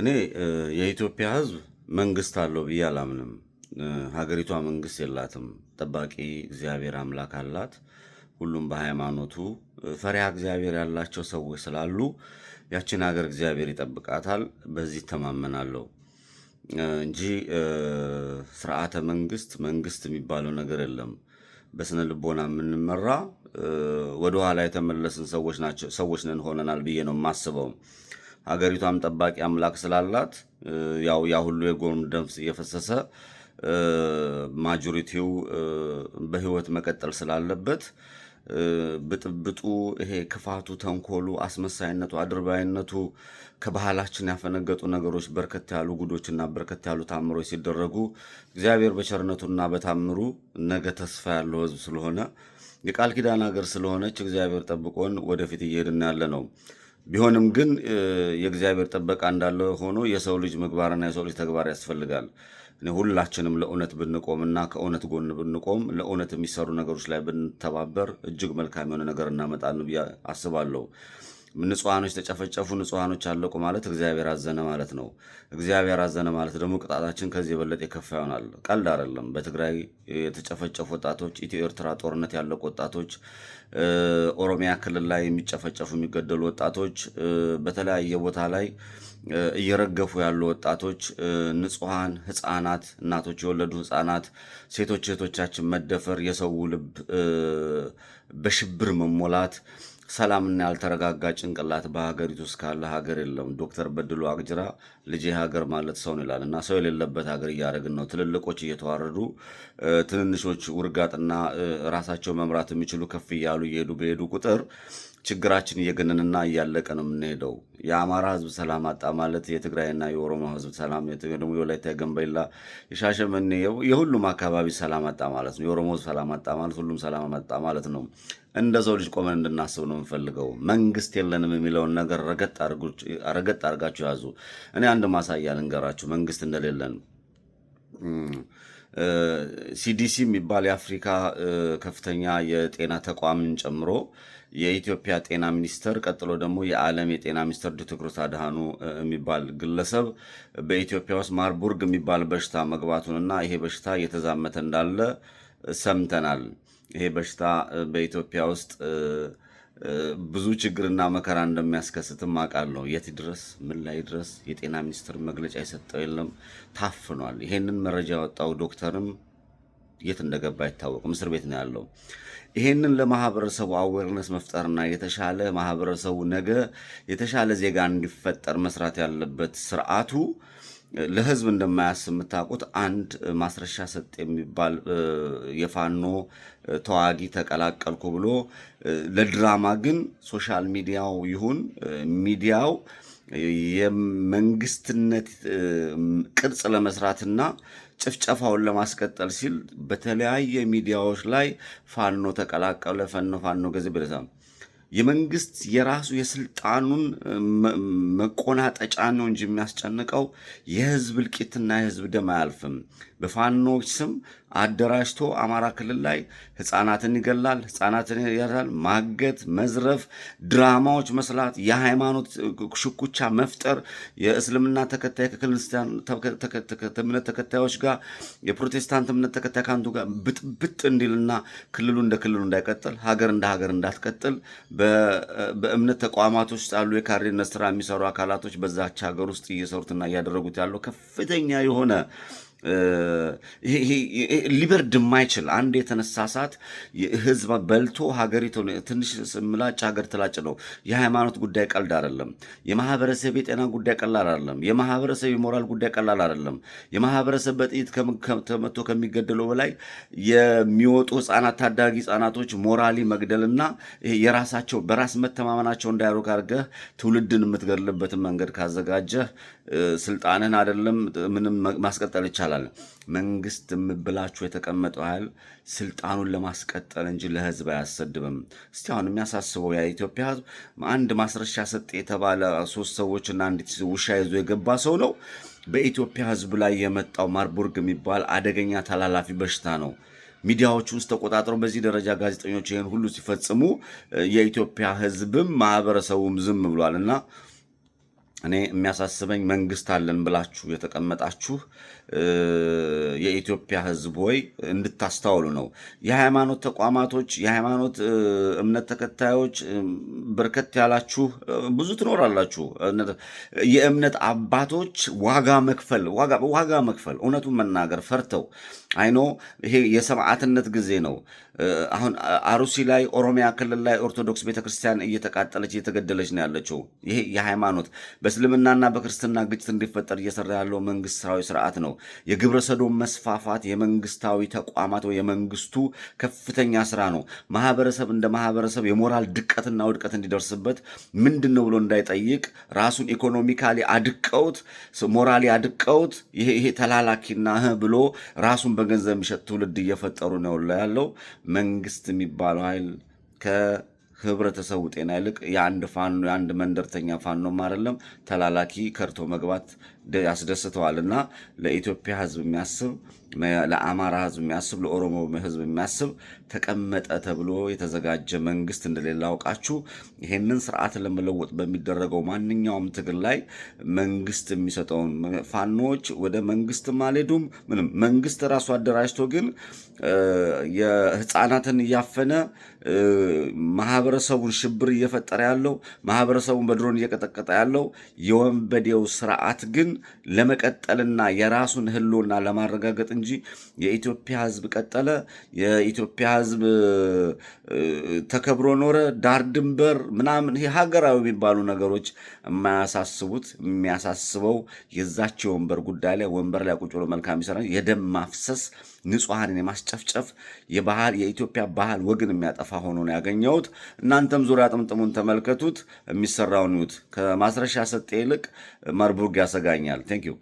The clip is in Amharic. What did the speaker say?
እኔ የኢትዮጵያ ህዝብ መንግስት አለው ብዬ አላምንም። ሀገሪቷ መንግስት የላትም። ጠባቂ እግዚአብሔር አምላክ አላት። ሁሉም በሃይማኖቱ ፈሪሃ እግዚአብሔር ያላቸው ሰዎች ስላሉ ያችን ሀገር እግዚአብሔር ይጠብቃታል። በዚህ ተማመናለሁ እንጂ ስርዓተ መንግስት መንግስት የሚባለው ነገር የለም። በስነ ልቦና የምንመራ ወደኋላ የተመለስን ሰዎች ነን ሆነናል ብዬ ነው የማስበው። ሀገሪቷም ጠባቂ አምላክ ስላላት ያው ያ ሁሉ የጎን ደም እየፈሰሰ ማጆሪቲው በህይወት መቀጠል ስላለበት ብጥብጡ ይሄ ክፋቱ፣ ተንኮሉ፣ አስመሳይነቱ፣ አድርባይነቱ ከባህላችን ያፈነገጡ ነገሮች በርከት ያሉ ጉዶችና በርከት ያሉ ታምሮች ሲደረጉ እግዚአብሔር በቸርነቱና በታምሩ ነገ ተስፋ ያለው ህዝብ ስለሆነ የቃል ኪዳን ሀገር ስለሆነች እግዚአብሔር ጠብቆን ወደፊት እየሄድን ያለ ነው። ቢሆንም ግን የእግዚአብሔር ጥበቃ እንዳለ ሆኖ የሰው ልጅ ምግባርና የሰው ልጅ ተግባር ያስፈልጋል። ሁላችንም ለእውነት ብንቆም እና ከእውነት ጎን ብንቆም ለእውነት የሚሰሩ ነገሮች ላይ ብንተባበር እጅግ መልካም የሆነ ነገር እናመጣለን ብዬ አስባለሁ። ንጹሐኖች ተጨፈጨፉ፣ ንጹሐኖች አለቁ ማለት እግዚአብሔር አዘነ ማለት ነው። እግዚአብሔር አዘነ ማለት ደግሞ ቅጣታችን ከዚህ የበለጠ የከፋ ይሆናል። ቀልድ አይደለም። በትግራይ የተጨፈጨፉ ወጣቶች፣ ኢትዮ ኤርትራ ጦርነት ያለቁ ወጣቶች፣ ኦሮሚያ ክልል ላይ የሚጨፈጨፉ የሚገደሉ ወጣቶች፣ በተለያየ ቦታ ላይ እየረገፉ ያሉ ወጣቶች፣ ንጹሐን ህፃናት፣ እናቶች የወለዱ ህፃናት፣ ሴቶች እህቶቻችን መደፈር፣ የሰው ልብ በሽብር መሞላት ሰላምና ያልተረጋጋ ጭንቅላት በሀገሪቱ ውስጥ ካለ ሀገር የለም። ዶክተር በድሉ አግጅራ ልጄ ሀገር ማለት ሰውን ይላል እና ሰው የሌለበት ሀገር እያደረግን ነው። ትልልቆች እየተዋረዱ፣ ትንንሾች ውርጋጥና ራሳቸው መምራት የሚችሉ ከፍ እያሉ እየሄዱ በሄዱ ቁጥር ችግራችን እየገነንና እያለቀ ነው የምንሄደው። የአማራ ህዝብ ሰላም አጣ ማለት የትግራይና የኦሮሞ ህዝብ ሰላም ደግሞ የወላይታ የገንበላ፣ የሻሸመኔ የሁሉም አካባቢ ሰላም አጣ ማለት ነው። የኦሮሞ ህዝብ ሰላም አጣ ማለት ሁሉም ሰላም አጣ ማለት ነው። እንደ ሰው ልጅ ቆመን እንድናስብ ነው የምፈልገው። መንግስት የለንም የሚለውን ነገር ረገጥ አድርጋችሁ ያዙ። እኔ አንድ ማሳያ ልንገራችሁ መንግስት እንደሌለን ሲዲሲ የሚባል የአፍሪካ ከፍተኛ የጤና ተቋምን ጨምሮ የኢትዮጵያ ጤና ሚኒስቴር ቀጥሎ ደግሞ የዓለም የጤና ሚኒስቴር ቴዎድሮስ አድሃኑ የሚባል ግለሰብ በኢትዮጵያ ውስጥ ማርቡርግ የሚባል በሽታ መግባቱንና ይሄ በሽታ እየተዛመተ እንዳለ ሰምተናል። ይሄ በሽታ በኢትዮጵያ ውስጥ ብዙ ችግርና መከራ እንደሚያስከስትም አውቃለሁ። የት ድረስ ምን ላይ ድረስ የጤና ሚኒስቴር መግለጫ የሰጠው የለም፣ ታፍኗል። ይሄንን መረጃ ያወጣው ዶክተርም የት እንደገባ አይታወቅም፣ እስር ቤት ነው ያለው። ይሄንን ለማህበረሰቡ አዌርነስ መፍጠርና የተሻለ ማህበረሰቡ ነገ የተሻለ ዜጋ እንዲፈጠር መስራት ያለበት ስርዓቱ ለህዝብ እንደማያስ የምታውቁት አንድ ማስረሻ ሰጥ የሚባል የፋኖ ተዋጊ ተቀላቀልኩ ብሎ ለድራማ ግን ሶሻል ሚዲያው ይሁን ሚዲያው የመንግስትነት ቅርጽ ለመስራትና ጭፍጨፋውን ለማስቀጠል ሲል በተለያየ ሚዲያዎች ላይ ፋኖ ተቀላቀለ፣ ፈኖ ፋኖ ገዜ የመንግስት የራሱ የስልጣኑን መቆናጠጫ ነው እንጂ የሚያስጨንቀው የህዝብ እልቂትና የህዝብ ደም አያልፍም። በፋኖች ስም አደራጅቶ አማራ ክልል ላይ ህፃናትን ይገላል፣ ህፃናትን ይገላል። ማገት፣ መዝረፍ፣ ድራማዎች መስላት የሃይማኖት ሽኩቻ መፍጠር፣ የእስልምና ተከታይ ከክርስቲያን እምነት ተከታዮች ጋር የፕሮቴስታንት እምነት ተከታይ ከአንዱ ጋር ብጥብጥ እንዲልና ክልሉ እንደ ክልሉ እንዳይቀጥል ሀገር እንደ ሀገር እንዳትቀጥል በእምነት ተቋማት ውስጥ ያሉ የካድሬነት ስራ የሚሰሩ አካላቶች በዛች ሀገር ውስጥ እየሰሩትና እያደረጉት ያለው ከፍተኛ የሆነ ሊበርድ የማይችል አንድ የተነሳ ሰዓት ህዝብ በልቶ ሀገሪቱ ትንሽ ምላጭ ሀገር ትላጭ ነው። የሃይማኖት ጉዳይ ቀልድ አይደለም። የማህበረሰብ የጤና ጉዳይ ቀላል አይደለም። የማህበረሰብ የሞራል ጉዳይ ቀላል አይደለም። የማህበረሰብ በጥይት ተመቶ ከሚገደለው በላይ የሚወጡ ህጻናት፣ ታዳጊ ህጻናቶች ሞራሊ መግደልና የራሳቸው በራስ መተማመናቸው እንዳያሮክ አድርገህ ትውልድን የምትገድልበትን መንገድ ካዘጋጀህ ስልጣንን አይደለም ምንም ማስቀጠል ይቻላል። ይቻላል። መንግስት የምብላችሁ የተቀመጠው ኃይል ስልጣኑን ለማስቀጠል እንጂ ለህዝብ አያሰድብም። እስቲ አሁን የሚያሳስበው የኢትዮጵያ ህዝብ አንድ ማስረሻ ሰጥ የተባለ ሶስት ሰዎችና አንዲት ውሻ ይዞ የገባ ሰው ነው። በኢትዮጵያ ህዝብ ላይ የመጣው ማርቡርግ የሚባል አደገኛ ተላላፊ በሽታ ነው። ሚዲያዎች ውስጥ ተቆጣጥረው በዚህ ደረጃ ጋዜጠኞች ይህን ሁሉ ሲፈጽሙ የኢትዮጵያ ህዝብም ማህበረሰቡም ዝም ብሏል እና እኔ የሚያሳስበኝ መንግስት አለን ብላችሁ የተቀመጣችሁ የኢትዮጵያ ሕዝብ ሆይ እንድታስተውሉ ነው። የሃይማኖት ተቋማቶች፣ የሃይማኖት እምነት ተከታዮች በርከት ያላችሁ ብዙ ትኖራላችሁ። የእምነት አባቶች ዋጋ መክፈል ዋጋ መክፈል እውነቱን መናገር ፈርተው አይኖ ይሄ የሰማዕትነት ጊዜ ነው። አሁን አሩሲ ላይ ኦሮሚያ ክልል ላይ ኦርቶዶክስ ቤተክርስቲያን እየተቃጠለች እየተገደለች ነው ያለችው። ይሄ የሃይማኖት በእስልምናና በክርስትና ግጭት እንዲፈጠር እየሰራ ያለው መንግስታዊ ስርዓት ነው። የግብረ ሰዶም መስፋፋት የመንግስታዊ ተቋማት ወይ የመንግስቱ ከፍተኛ ስራ ነው። ማህበረሰብ እንደ ማህበረሰብ የሞራል ድቀትና ውድቀት እንዲደርስበት ምንድን ነው ብሎ እንዳይጠይቅ ራሱን ኢኮኖሚካሊ አድቀውት ሞራሊ አድቀውት ይሄ ተላላኪና ብሎ ራሱን በገንዘብ የሚሸጥ ትውልድ እየፈጠሩ ነው ያለው መንግስት የሚባለው ኃይል ከ ህብረተሰቡ ጤና ይልቅ የአንድ ፋኖ የአንድ መንደርተኛ ፋኖም አይደለም ተላላኪ ከርቶ መግባት ያስደስተዋል እና ለኢትዮጵያ ህዝብ የሚያስብ ለአማራ ህዝብ የሚያስብ ለኦሮሞ ህዝብ የሚያስብ ተቀመጠ ተብሎ የተዘጋጀ መንግስት እንደሌለ አውቃችሁ ይሄንን ስርዓት ለመለወጥ በሚደረገው ማንኛውም ትግል ላይ መንግስት የሚሰጠውን ፋኖዎች ወደ መንግስትም አልሄዱም ምንም። መንግስት ራሱ አደራጅቶ ግን የህፃናትን እያፈነ ማህበረሰቡን ሽብር እየፈጠረ ያለው ማህበረሰቡን በድሮን እየቀጠቀጠ ያለው የወንበዴው ስርዓት ግን ለመቀጠልና የራሱን ህልውና ለማረጋገጥ እንጂ የኢትዮጵያ ህዝብ ቀጠለ፣ የኢትዮጵያ ህዝብ ተከብሮ ኖረ፣ ዳር ድንበር ምናምን ይሄ ሀገራዊ የሚባሉ ነገሮች የማያሳስቡት የሚያሳስበው የዛች የወንበር ጉዳይ ላይ ወንበር ላይ ቁጭ ብሎ መልካም ይሰራ የደም ማፍሰስ ንጹሐንን የማስጨፍጨፍ የባህል የኢትዮጵያ ባህል ወግን የሚያጠፋ ሆኖ ነው ያገኘሁት። እናንተም ዙሪያ ጥምጥሙን ተመልከቱት፣ የሚሰራውን ይዩት። ከማስረሻ ሰጤ ይልቅ መርቡርግ ያሰጋኝ Daniel. Thank you.